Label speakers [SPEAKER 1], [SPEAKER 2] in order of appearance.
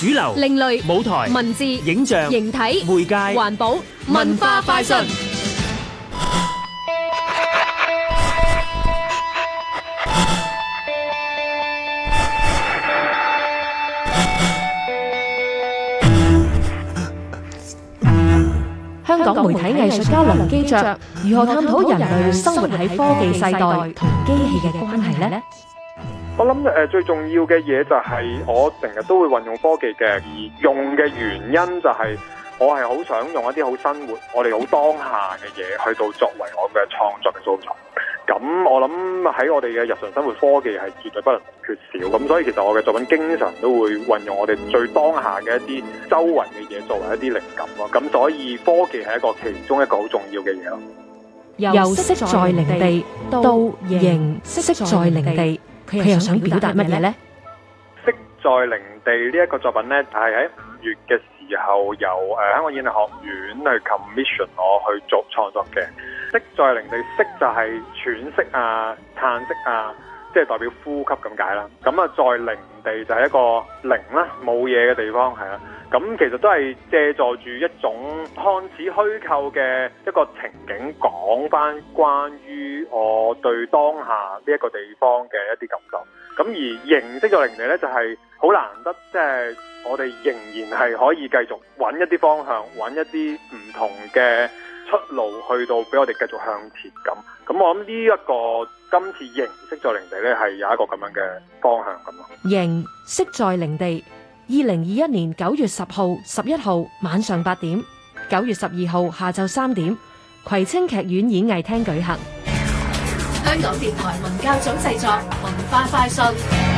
[SPEAKER 1] 主流、另類舞台、文字、影像、形體、媒介、環保、文化快訊。
[SPEAKER 2] 香港媒體藝術家林基卓，如何探討人類生活喺科技世代
[SPEAKER 1] 同機器嘅關係呢？
[SPEAKER 2] 我諗誒、呃，最重要嘅嘢就係我成日都會運用科技嘅，而用嘅原因就係我係好想用一啲好生活、我哋好當下嘅嘢去到作為我嘅創作嘅素材。咁我諗喺我哋嘅日常生活，科技係絕對不能缺少。咁所以其實我嘅作品經常都會運用我哋最當下嘅一啲周圍嘅嘢作為一啲靈感咯。咁所以科技係一個其中一個好重要嘅嘢咯。
[SPEAKER 1] 由色在靈地到形色在靈地。佢又想表達乜嘢
[SPEAKER 2] 呢？「色在靈地」呢一個作品呢，係喺五月嘅時候由誒香港演藝學院去 commission 我去做創作嘅。《色在靈地》色就係喘息啊、嘆息啊。即係代表呼吸咁解啦，咁啊在零地就係一個零啦，冇嘢嘅地方係啦，咁其實都係借助住一種看似虛構嘅一個情景，講翻關於我對當下呢一個地方嘅一啲感受。咁而認識咗零地呢，就係好難得，即係我哋仍然係可以繼續揾一啲方向，揾一啲唔同嘅出路去到俾我哋繼續向前咁，咁我諗呢一個今次認識在靈地呢，係有一個咁樣嘅方向咁
[SPEAKER 1] 咯。認識在靈地，二零二一年九月十號、十一號晚上八點，九月十二號下晝三點，葵青劇院演藝廳舉行。香港電台文教組製作文化快訊。